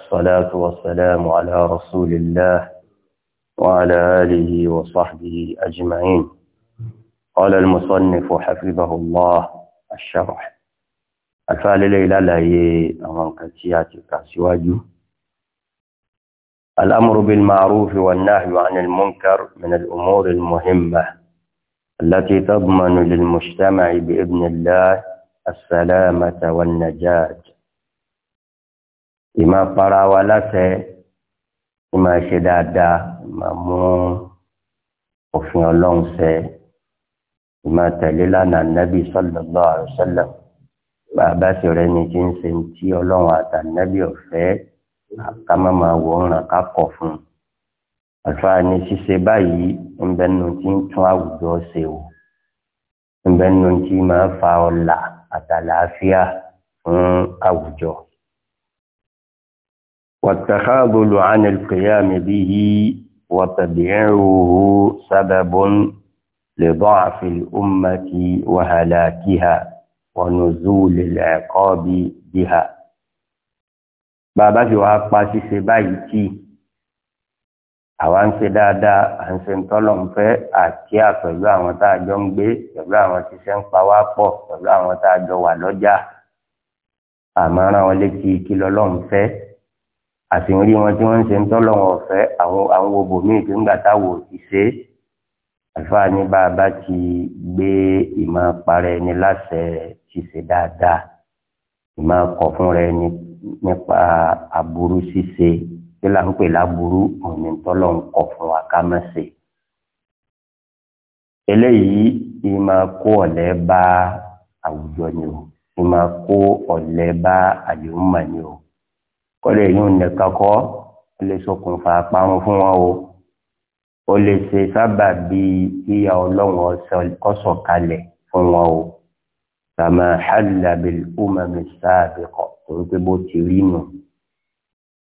والصلاة والسلام على رسول الله وعلى آله وصحبه أجمعين قال المصنف حفظه الله الشرح الفعل ليلة لهي أمام كتيات كاسواجه الأمر بالمعروف والنهي عن المنكر من الأمور المهمة التي تضمن للمجتمع بإذن الله السلامة والنجاة ìmọ̀ para wa láṣẹ ìmọ̀ ṣe dáadáa ìmọ̀ mú òfin ọlọ́run ṣẹ ìmọ̀ tẹ̀lé lánàá nàbì sallallahu alaihi wasallam bàbá sì rẹ ni kí n ṣe ń tí ọlọ́run àtànábì ọ̀fẹ́ ká má máa wọ ọ̀ràn ká kọ̀ fún un àlùfáà ní ṣíṣe báyìí ń tí ń tún àwùjọ ṣe o ń tí máa fa ọ̀la àtàlàáfíà fún àwùjọ. والتخاذل عن القيام به وتبعيره سبب لضعف الأمة وهلاكها ونزول العقاب بها bàbá fi wàá pa ṣíṣe báyìí tí àwa ń ṣe dáadáa à ń ṣe ń tọ́lọ̀ ń fẹ́ àkíyà pẹ̀lú àwọn tá a jọ ń gbé pẹ̀lú àwọn tí ṣe ń pa wá pọ̀ pẹ̀lú àwọn tá a jọ wà lọ́jà àmọ́ ara wọn létí kí lọ́lọ́run fẹ́ àti ń rí wọn tí wọ́n ń ṣe ń tọ́lọ̀ wọn ọ̀fẹ́ àwọn àwọn obòmíì tó ń gbà táwọn òsì ṣe àlùfáà ní bá a bá ti gbé ìmọ̀ parẹ́ ẹni láṣẹ ṣíṣe dáadáa ìmọ̀ kọ̀ fúnra ẹni nípa aburú ṣíṣe tí là ń pè láburú òní tọ́lọ̀ ń kọ̀ fún wa ká má ṣe. eléyìí ìmọ̀ kó ọ̀lẹ́ bá àwùjọ ni o ìmọ̀ kó ọ̀lẹ́ bá àlùmọ̀ ni o kọ́lé yìí ń nìkan kọ́ ó lè ṣokùnfà àparun fún wọn o ó lè ṣe sábà bíi ìyà ọlọ́run ọ̀sọ̀kalẹ̀ fún wọn o sàmà hàlàbìl umami sáàbìkọ̀ torí pé bó ti rí nù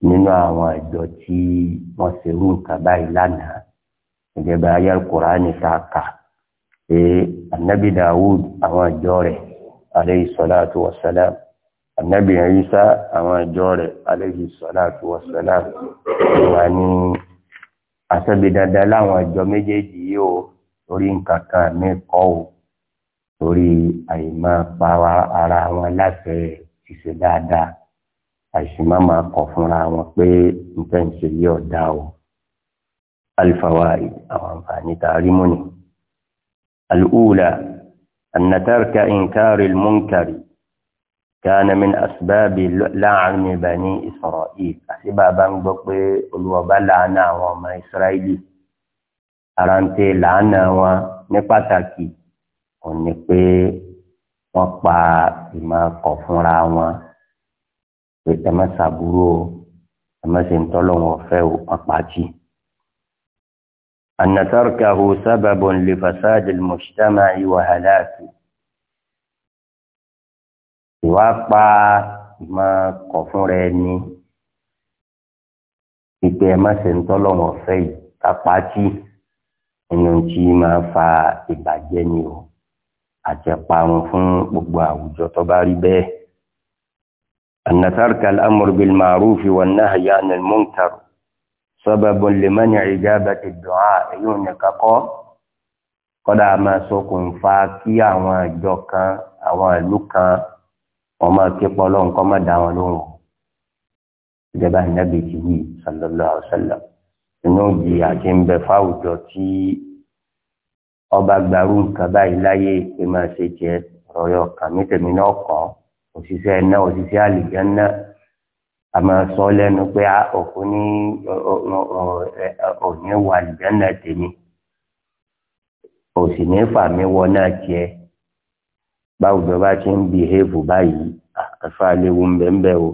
nínú àwọn àjọ tí wọ́n ṣe rú nǹkan báyìí lánàá gẹ́gẹ́ bí ayé kùránì tá kà pé anabi dawud àwọn àjọ rẹ̀ alayhi salatu wa salam ànábì Ìsá àwọn ìjọ rẹ̀ alayhi salatu wassalam wà ní àṣẹbi dandan láwọn ìjọ méjèèjì yìí o torí nǹkan kan mi kọ́ o torí àìmọ́ pa ara wọn láti ṣiṣẹ́ dáadáa àìsí má máa kọ̀ fúnra wọn pé nǹkan ń ṣe yí ọ̀dà o alifawa àwọn àǹfààní tá rí mú al'ula annatarka inkari al-munkari kana min asbabi la'ani bani isra'il àti bàbá ń gbọ́ pé olùwọ̀bá làánà àwọn ọmọ israẹli àrántẹ́ làánà wọn ní pàtàkì òun ni pé wọ́n pa ìmọ̀ kọ̀ fúnra wọn pé ẹ má ṣàbúrò ẹ ń tọ́lọ̀ wọn fẹ́ o wọn pàtì. anna tarkahu sababun li fasadil mujtama'i wa ìwà pa ìmọ̀ kọ̀ fún rẹ ni ìpè ẹ̀ má ṣe ń tọ́lọ́wọ́ ọ̀fẹ́ yìí kápá tí ẹnu tí máa fa ìbàjẹ́ ni o àjẹparun fún gbogbo àwùjọ tó bá rí bẹ́ẹ̀. أن ترك الأمر بالمعروف والنهي عن المنكر سبب لمنع إجابة الدعاء èyí ni kakọ́ kọ́dà máa ṣokùnfà kí àwọn àjọ kan wọn máa ké pọ lọ́hùn kọ́ máa dá wọn lóhùn ìjọba ìnábì ti wí sallallahu alaihi wasallam inú di àti ń bẹ fáwùjọ tí ọba gbarú nǹkan báyìí láyé pé máa ṣe jẹ ọ̀rọ̀ kàmí tèmi náà kàn òṣìṣẹ́ náà òṣìṣẹ́ àlìjẹ́ náà a máa sọ lẹ́nu pé ah, òkú ní òní wà àlìjẹ́ tèmi òsì fàmí wọ náà jẹ báwùjọ bá ti ń bihéèvù báyìí ẹ̀fà léwu ńbẹ́ńbẹ́ o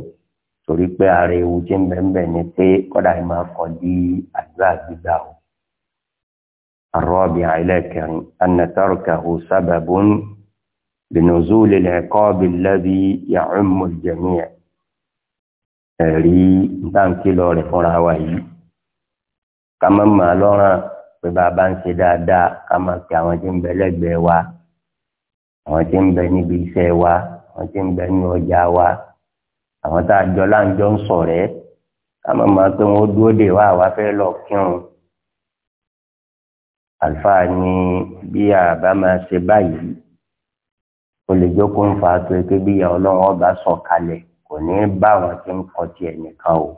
torí pé ara ewu tí ńbẹ́ńbẹ́ ni pé kọ́dà yìí máa kọ́ di àdúrà gbígbà o. الرابع لكن أن تركه سبب لنزول العقاب الذي يعم الجميع ẹ̀rí báńkì lọ rẹ̀ fúnra wa yìí ká má máa lọ́ràn pé bàbá ń ṣe dáadáa ká máa pe àwọn tí ń bẹ lẹ́gbẹ̀ẹ́ wa àwọn tí ń bẹ níbi iṣẹ́ wa àwọn tí ń bẹ ní ọjà wa àwọn tá a jọ láǹjọ ń sọ̀rẹ́ ká má máa pé wọ́n dúró dè wá àwa fẹ́ lọ kírun àlùfáà ni bí àbá máa ṣe báyìí o lè jókòó ń fa tó ike bí ìyá ọlọ́run ọba sọ kalẹ̀ kò ní bá àwọn tí ń kọ tiẹ̀ nìkan o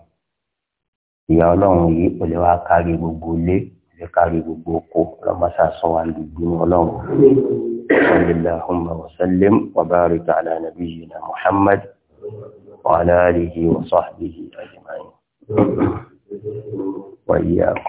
ìyá ọlọ́run yìí kò lè wá kárí gbogbo ilé kò lè kárí gbogbo oko ọlọ́mọṣà sọ wa lùdú ọlọ́run. صل اللهم وسلم وبارك على نبينا محمد وعلى آله وصحبه أجمعين وإياكم